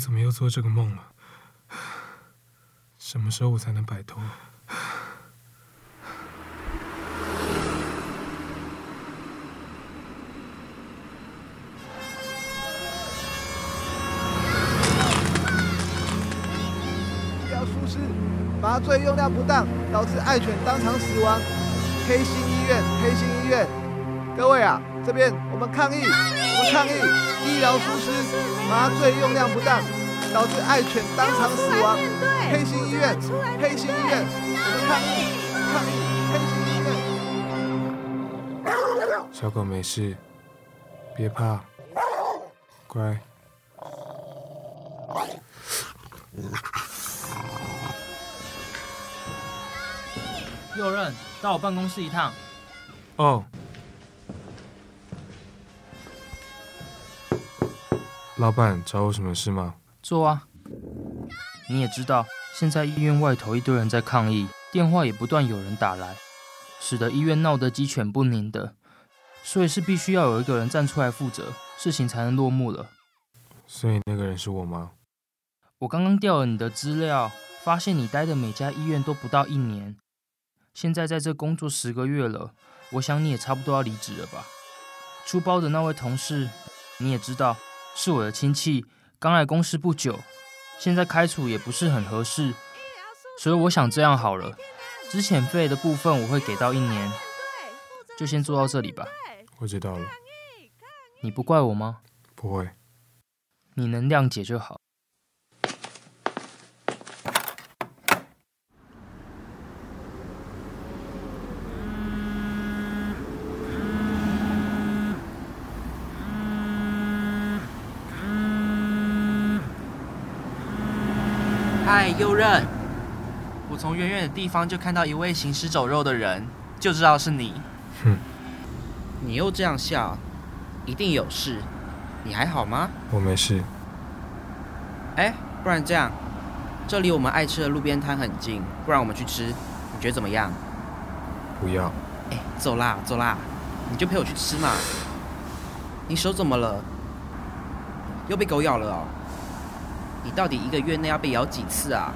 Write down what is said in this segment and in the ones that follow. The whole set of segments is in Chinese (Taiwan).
怎麼又做這個夢了？什麼時候我才能擺脫？醫療疏失，麻醉用量不當，導致愛犬當場死亡。黑心醫院，黑心醫院，各位啊！這邊我們抗議，我們抗議醫療疏失，麻醉用量不當，導致愛犬當場死亡。黑心醫院，黑心醫院，我們抗議，抗議黑心醫院。小狗沒事，別怕，乖。佑任，到我辦公室一趟。哦。老闆找我什麼事嗎？坐啊。你也知道，現在醫院外頭一堆人在抗議，電話也不斷有人打來，使得醫院鬧得雞犬不寧的，所以是必須要有一個人站出來負責，事情才能落幕了。所以那個人是我嗎？我剛剛調了你的資料，發現你待的每家醫院都不到一年，現在在這工作十個月了，我想你也差不多要離職了吧。出包的那位同事，你也知道。是我的親戚，剛來公司不久，現在開除也不是很合適，所以我想這樣好了，之前費的部分我會給到一年，就先做到這裡吧。我知道了。你不怪我嗎？不會，你能諒解就好。嗨，佑任。我從遠遠的地方就看到一位行屍走肉的人，就知道是你。哼，你又這樣笑，一定有事。你還好嗎？我沒事。哎，不然這樣，這離我們愛吃的路邊攤很近，不然我們去吃，你覺得怎麼樣？不要。哎，走啦，走啦，你就陪我去吃嘛。你手怎麼了？又被狗咬了哦。你到底一個月內要被咬幾次啊？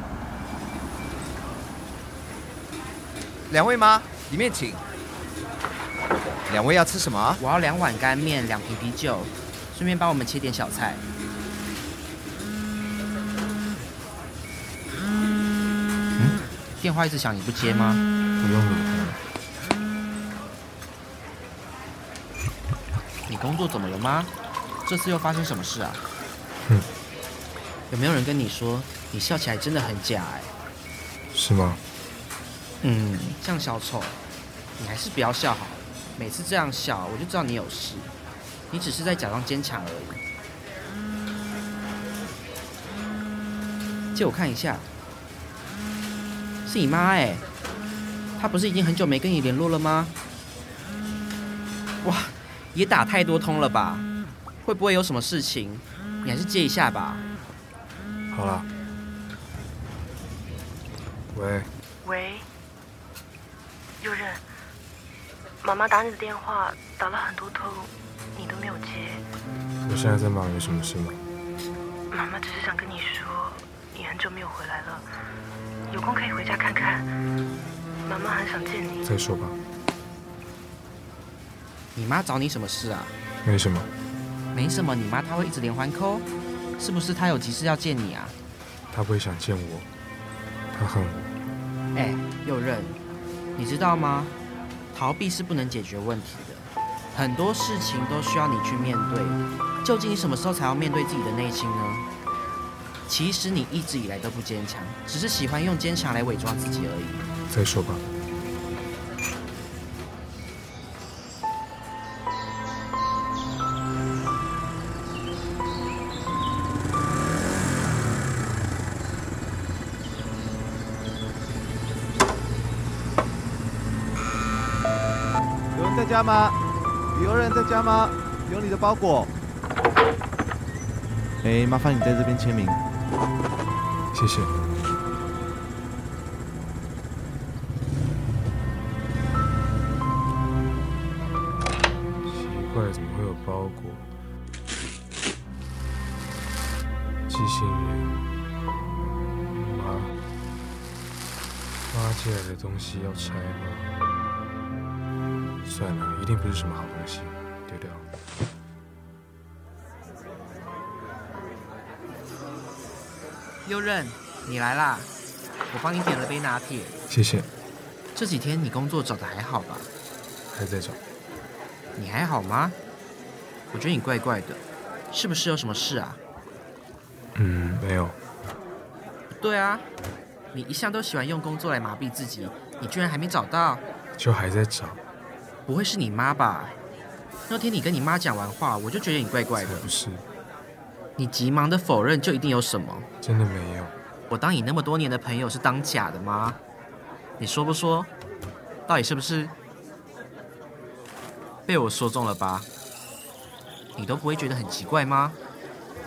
兩位嗎？裡面請。兩位要吃什麼啊？我要兩碗乾麵，兩瓶啤酒，順便幫我們切點小菜。嗯？電話一直響你不接嗎？不用了。你工作怎麼了嗎？這次又發生什麼事啊？嗯有沒有人跟你說，你笑起來真的很假、欸？哎，是嗎？嗯，像小丑，你還是不要笑好了。每次這樣笑，我就知道你有事。你只是在假裝堅強而已。借我看一下，是你媽哎、欸？她不是已經很久沒跟你聯絡了嗎？哇，也打太多通了吧？會不會有什麼事情？你還是接一下吧。好了，喂，喂，佑任？媽媽打你的電話打了很多通，你都沒有接。我現在在忙，有什麼事嗎？媽媽只是想跟你說，你很久沒有回來了，有空可以回家看看。媽媽很想見你。再說吧。你媽找你什麼事啊？沒什麼。沒什麼，你媽她會一直連環 call。是不是他有急事要見你啊？他不會想見我，他恨我。哎，佑任，你知道嗎？逃避是不能解決問題的，很多事情都需要你去面對。究竟你什麼時候才要面對自己的內心呢？其實你一直以來都不堅強，只是喜歡用堅強來偽裝自己而已。嗯，再說吧。家嗎？有人在家嗎？有你的包裹。哎、欸，麻煩你在這邊簽名，謝謝。奇怪，怎麼會有包裹？寄信員，媽，媽寄來的東西要拆嗎？算了，一定不是什麼好東西，丟掉。哦。佑任，你來啦！我幫你點了杯拿鐵。謝謝。這幾天你工作找得還好吧？還在找。你還好嗎？我覺得你怪怪的，是不是有什麼事啊？嗯，沒有。對啊，你一向都喜歡用工作來麻痹自己，你居然還沒找到？就還在找。不會是你媽吧？那天你跟你媽講完話，我就覺得你怪怪的。不是，你急忙的否認，就一定有什麼？真的沒有。我當你那麼多年的朋友是當假的嗎？你說不說？到底是不是被我說中了吧？你都不會覺得很奇怪嗎？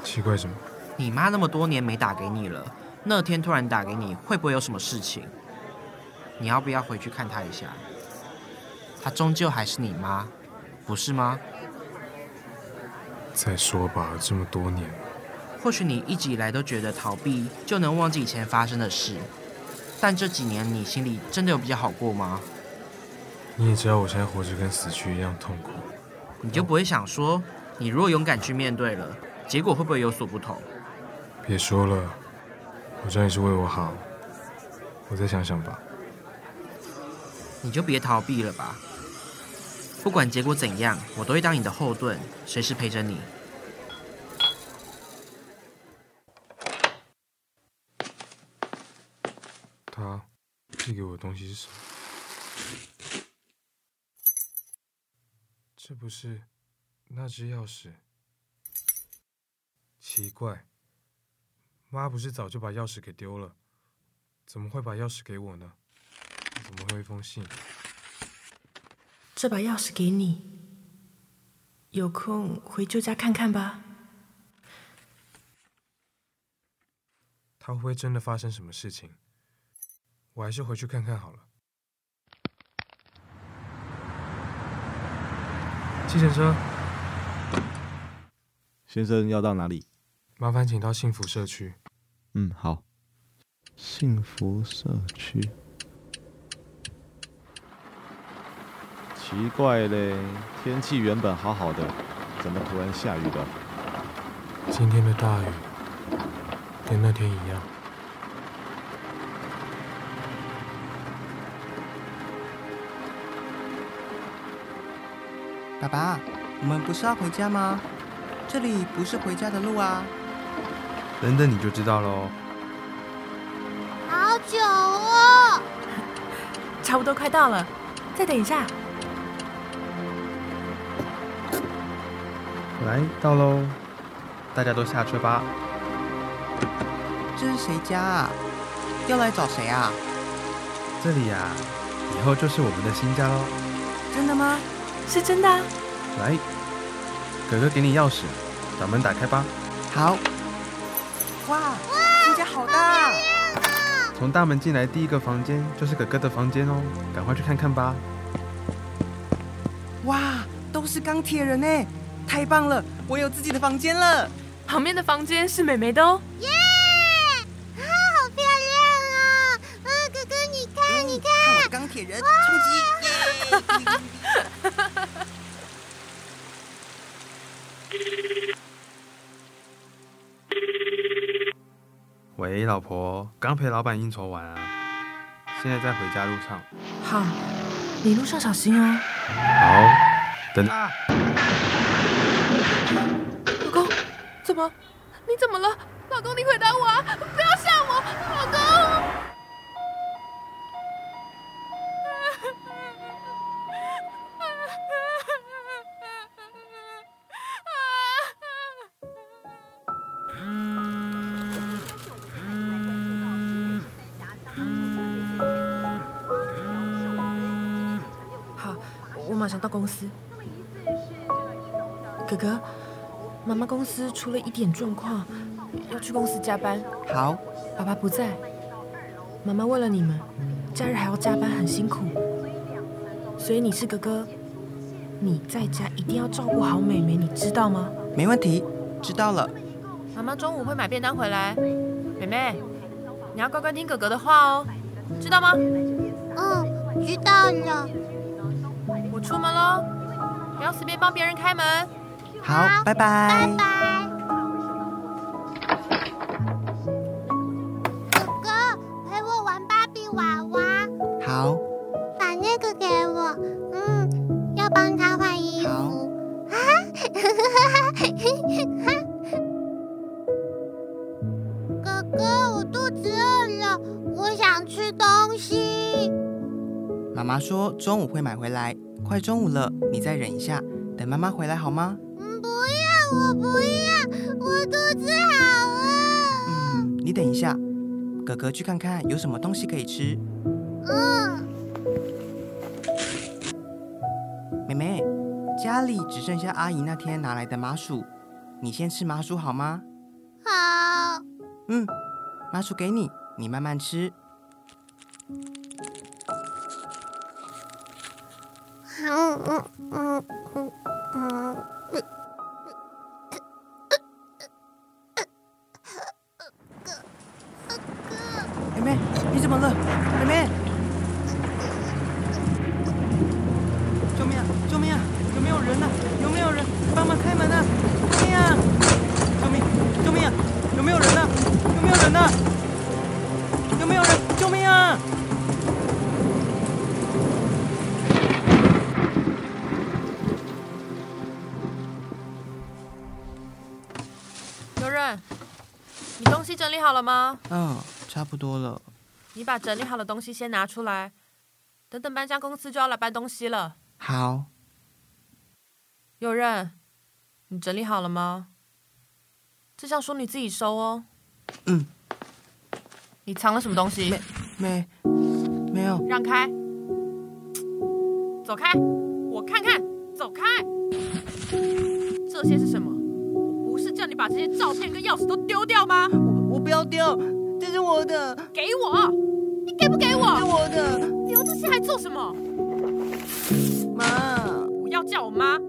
奇怪什麼？你媽那麼多年沒打給你了，那天突然打給你，會不會有什麼事情？你要不要回去看她一下？他、啊、終究還是你媽，不是嗎？再說吧，這麼多年。或許你一直以來都覺得逃避就能忘記以前發生的事，但這幾年你心裡真的有比較好過嗎？你也知道我現在活着跟死去一樣痛苦。你就不會想說，哦、你若勇敢去面對了，結果會不會有所不同？別說了，我知道你是為我好，我再想想吧。你就別逃避了吧。不管結果怎樣，我都會當你的後盾，隨時陪着你。他寄給我的東西是什麼？這不是那只鑰匙？奇怪，媽不是早就把鑰匙給丟了，怎麼會把鑰匙給我呢？怎麼會有一封信？這把鑰匙給你，有空回舊家看看吧。他會不會真的發生什麼事情？我還是回去看看好了。計程車。先生要到哪裡？麻煩請到幸福社區。嗯，好。幸福社區。奇怪嘞，天氣原本好好的，怎麼突然下雨的？今天的大雨跟那天一樣。爸爸，我們不是要回家嗎？這裡不是回家的路啊。等等你就知道咯。好久哦， 差不多快到了，再等一下。來到嘍，大家都下車吧。這是誰家啊？要來找誰啊？這裡呀，以後就是我們的新家嘍。真的嗎？是真的。來，哥哥給你鑰匙，把門打開吧。好。哇，這家好大啊。從大門進來第一個房間就是哥哥的房間哦，趕快去看看吧。哇，都是鋼鐵人哎。太棒了，我有自己的房間了。旁邊的房間是妹妹的哦。耶、yeah! 啊！好漂亮啊！哦嗯！哥哥，你看，嗯、你看。看我的鋼鐵人出擊！喂，老婆，剛陪老闆應酬完了，現在在回家路上。好，你路上小心哦，啊。好，等。啊你怎麼了，老公？你回答我啊！不要嚇我，老公啊！好，我馬上到公司。哥哥。媽媽公司出了一點狀況，要去公司加班。好，爸爸不在，媽媽為了你們，假日還要加班，很辛苦。所以你是哥哥，你在家一定要照顧好妹妹，你知道嗎？沒問題，知道了。媽媽中午會買便當回來。妹妹你要乖乖聽哥哥的話哦，知道嗎？嗯，知道了。我出門嘍，不要隨便幫別人開門。好，好，拜拜。拜拜。哥哥，陪我玩芭比娃娃。好。把那個給我，嗯，要幫他換衣服。好。啊， 哥哥，我肚子餓了，我想吃東西。媽媽說中午會買回來，快中午了，你再忍一下，等媽媽回來好嗎？我不要，我肚子好餓。嗯，你等一下，哥哥去看看有什麼東西可以吃。嗯。妹妹，家裡只剩下阿姨那天拿來的麻薯，你先吃麻薯好嗎？好。嗯，麻薯給你，你慢慢吃。好，嗯，嗯嗯嗯嗯。嗯嗯好了嗎？嗯、哦，差不多了。你把整理好的東西先拿出來，等等搬家公司就要來搬東西了。好。佑任，你整理好了嗎？這箱書你自己收哦。嗯。你藏了什麼東西？沒，沒，沒有。讓開！走開！我看看！走開！這些是什麼？不是叫你把這些照片跟鑰匙都丟掉嗎？我不要丟，這是我的。給我，你給不給我？給我的。你要這些還做什麼？媽，不要叫我媽。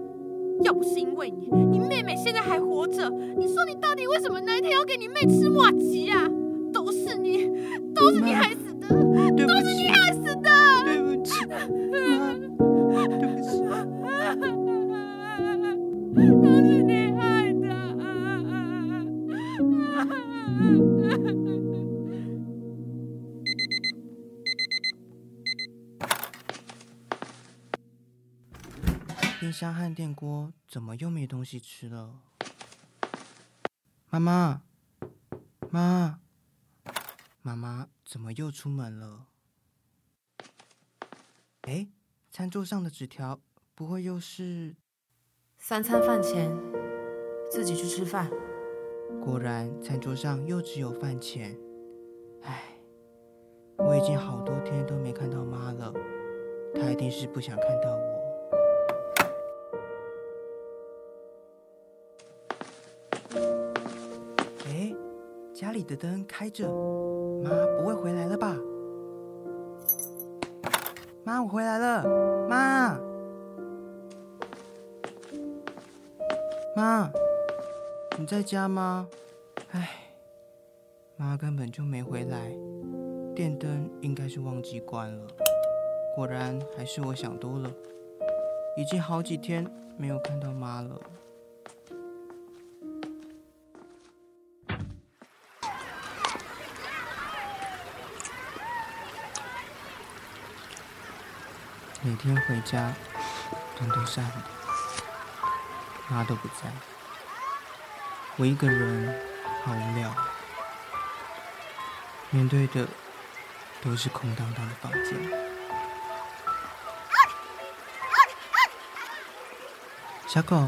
要不是因為你，你妹妹現在還活着。你說你到底為什麼那一天要給你妹吃麻糬啊？都是你，都是你害死的，媽都是你害死的。對不起，媽，對不起。 家漢電鍋怎麼又沒東西吃了？媽媽，媽，媽，媽媽怎麼又出門了？哎，餐桌上的紙條不會又是三餐飯錢，自己去吃飯。果然，餐桌上又只有飯錢。哎，我已經好多天都沒看到媽了，她一定是不想看到我。家裡的燈開着，媽不會回來了吧？媽，我回來了，媽，媽，你在家嗎？唉，媽根本就沒回來，電燈應該是忘記關了。果然還是我想多了，已經好幾天沒有看到媽了。每天回家，人都下雨。媽都不在，我一個人好無聊，面對的都是空蕩蕩的房間。啊啊啊、小狗，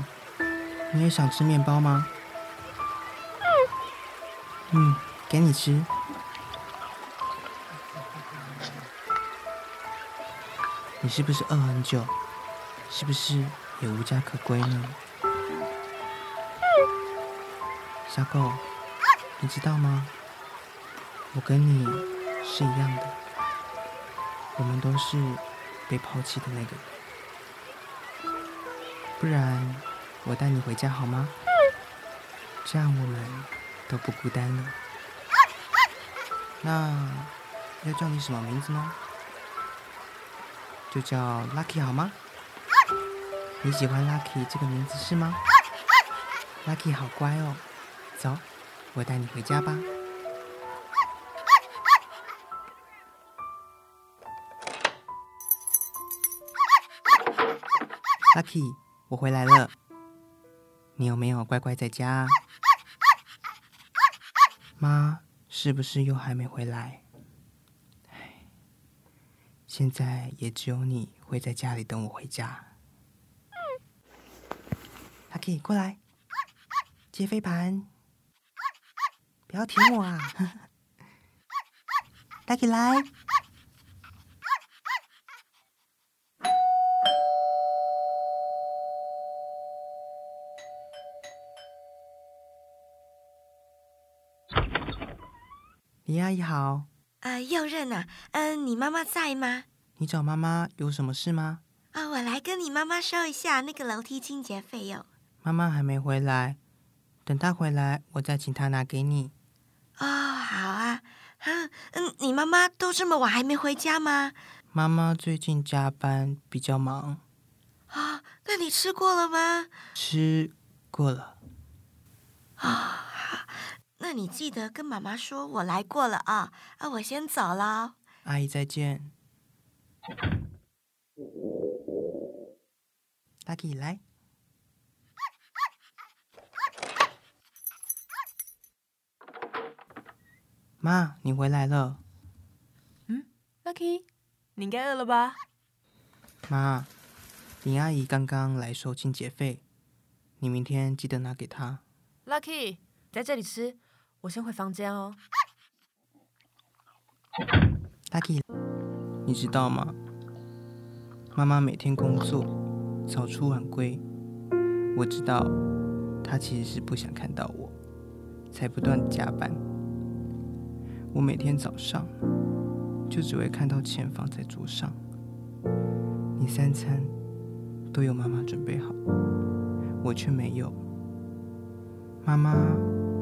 你也想吃麵包嗎？嗯，嗯，給你吃。你是不是餓很久？是不是也無家可歸呢？嗯、小狗，你知道嗎？我跟你是一樣的，我們都是被拋棄的那個人。不然，我帶你回家好嗎？嗯、這樣我們都不孤單了。嗯、那要叫你什麼名字呢？就叫 Lucky 好嗎？你喜歡 Lucky 這個名字是嗎？Lucky 好乖哦，走，我帶你回家吧。 Lucky，我回來了，你有沒有乖乖在家啊？媽是不是又還沒回來？現在也只有你會在家裡等我回家。Lucky，、嗯、過來，接飛盤，不要舔我啊！Lucky 來。嗯、李阿姨好。呃、任啊，佑任吶，嗯，你媽媽在嗎？你找媽媽有什麼事嗎？啊、哦，我來跟你媽媽說一下那個樓梯清潔費用。媽媽還沒回來，等她回來，我再請她拿給你。哦，好啊，嗯嗯，你媽媽都這麼晚還沒回家嗎？媽媽最近加班比較忙。啊、哦，那你吃過了嗎？吃過了。啊、哦。那你記得跟媽媽說，我來過了啊、哦！啊，我先走了。阿姨再見。Lucky 來。 媽，你回來了。嗯，Lucky，你應該餓了吧？媽，林阿姨剛剛來收清潔費，你明天記得拿給她。Lucky 在這裡吃。我先回房間哦，Lucky，你知道嗎？媽媽每天工作早出晚歸，我知道她其實是不想看到我，才不斷加班。我每天早上就只會看到錢放在桌上，你三餐都有媽媽準備好，我卻沒有，媽媽，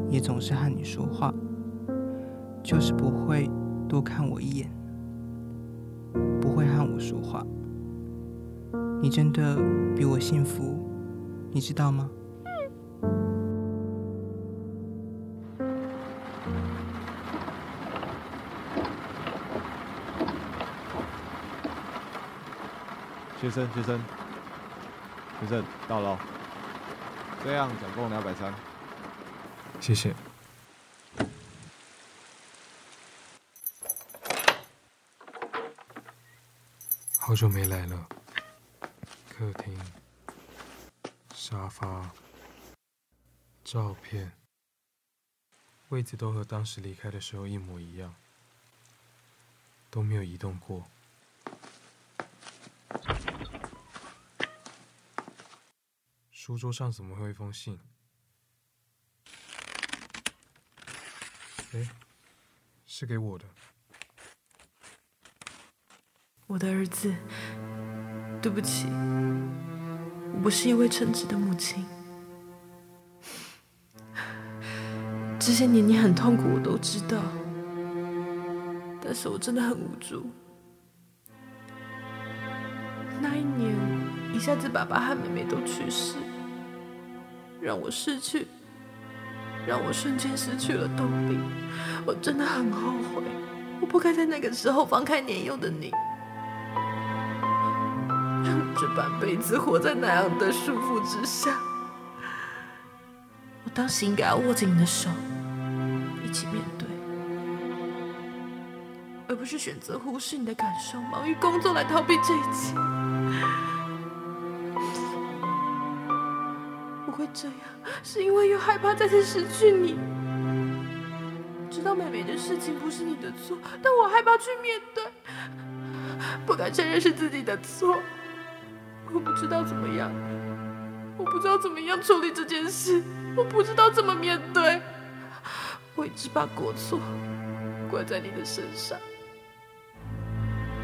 也總是和你說話，就是不會多看我一眼，不會和我說話。你真的比我幸福，你知道嗎？學生，學生，學生到囉，這樣總共兩百三。謝謝。好久沒來了，客廳、沙發、照片，位置都和當時離開的時候一模一樣，都沒有移動過。書桌上怎麼會有一封信？是給我的。我的兒子，對不起，我不是一位稱職的母親。這些年你很痛苦，我都知道，但是我真的很無助。那一年，一下子爸爸和妹妹都去世，讓我失去。讓我瞬間失去了動力，我真的很後悔，我不該在那個時候放開年幼的你，讓這半輩子活在那樣的束縛之下。我當時應該要握着你的手，一起面對，而不是選擇忽視你的感受，忙於工作來逃避這一切。這樣是因為又害怕再次失去你。知道妹妹的事情不是你的錯，但我害怕去面對，不敢承認是自己的錯。我不知道怎麼樣，我不知道怎麼樣處理這件事，我不知道怎麼面對。我一直把過錯怪在你的身上，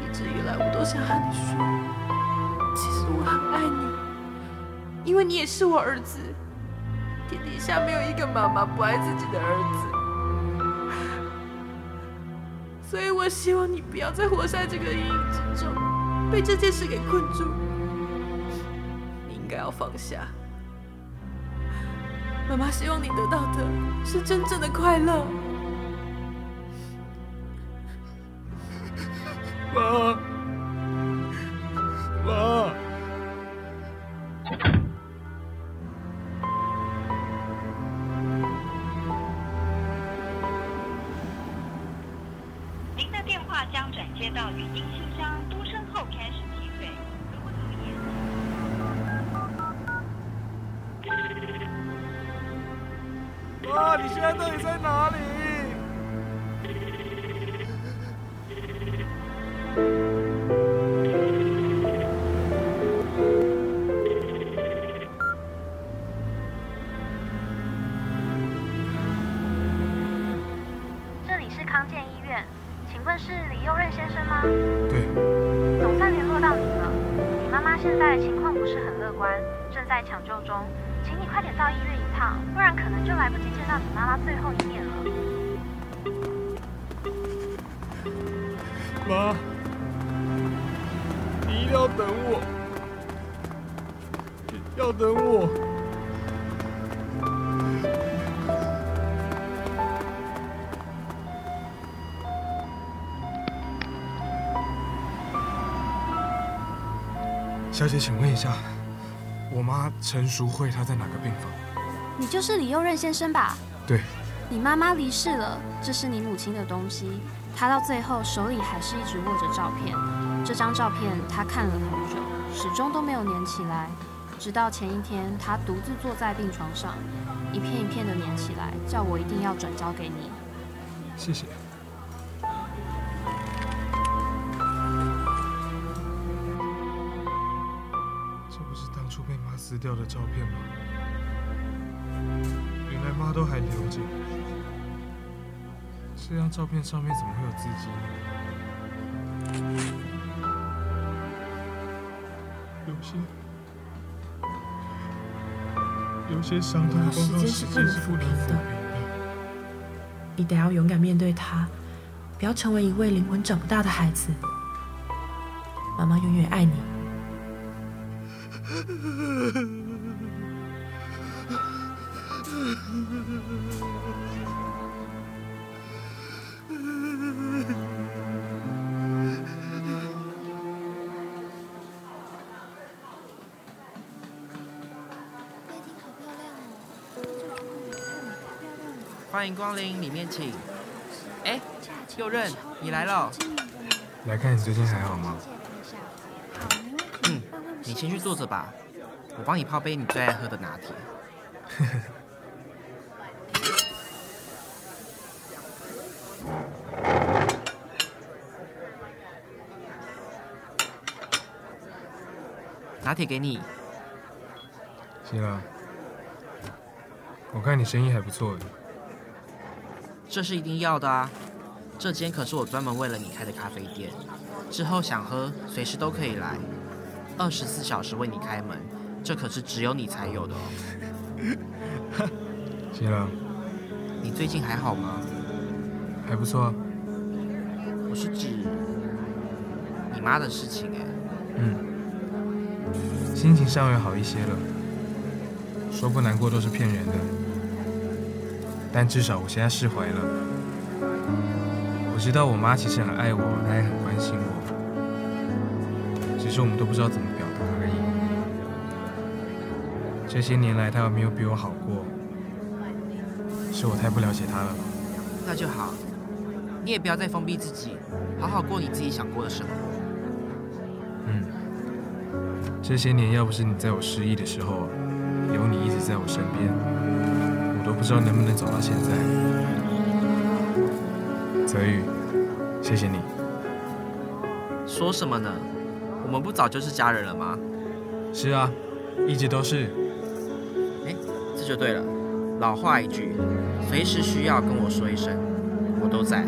一直以來我都想和你說，其實我很愛你。因為你也是我兒子，天底下沒有一個媽媽不愛自己的兒子，所以我希望你不要再活在這個陰影之中，被這件事給困住。你應該要放下。媽媽希望你得到的是真正的快樂。媽。正在搶救中，請你快點到醫院一趟，不然可能就來不及見到你媽媽最後一面了。媽，你一定要等我，你要等我。小姐，請問一下。陳淑慧，她在哪個病房？你就是李佑任先生吧？對。你媽媽離世了，這是你母親的東西。她到最後手裡還是一直握着照片，這張照片她看了很久，始終都沒有粘起來。直到前一天，她獨自坐在病床上，一片一片的粘起來，叫我一定要轉交給你。謝謝。掉的照片嗎？原來媽都還留着。這張照片上面怎麼會有自己？有些，有些傷痛，時間是不能撫平的。嗯，你得要勇敢面對它，不要成為一位靈魂長不大的孩子。媽媽永遠愛你。歡迎光臨，裡面請。哎，佑任，你來了。來看你最近還好嗎？你先去坐着吧，我幫你泡杯你最愛喝的拿鐵。 拿鐵給你，行啊。我看你生意還不錯。這是一定要的啊，這間可是我專門為了你開的咖啡店，之後想喝隨時都可以來。二十四小時為你開門，這可是只有你才有的哦。 行了，你最近還好嗎？還不錯。我是指你媽的事情，哎。嗯。心情稍微好一些了。說不難過都是騙人的，但至少我現在釋懷了。嗯，我知道我媽其實很愛我，她也很關心我。其實我們都不知道怎麼表達而已。這些年來，他有沒有比我好過，是我太不了解他了。那就好，你也不要再封閉自己，好好過你自己想過的生活。嗯。這些年，要不是你在我失憶的時候，有你一直在我身邊，我都不知道能不能走到現在。澤宇，謝謝你。說什麼呢？我們不早就是家人了嗎？是啊，一直都是。哎，這就對了。老話一句，隨時需要跟我說一聲，我都在。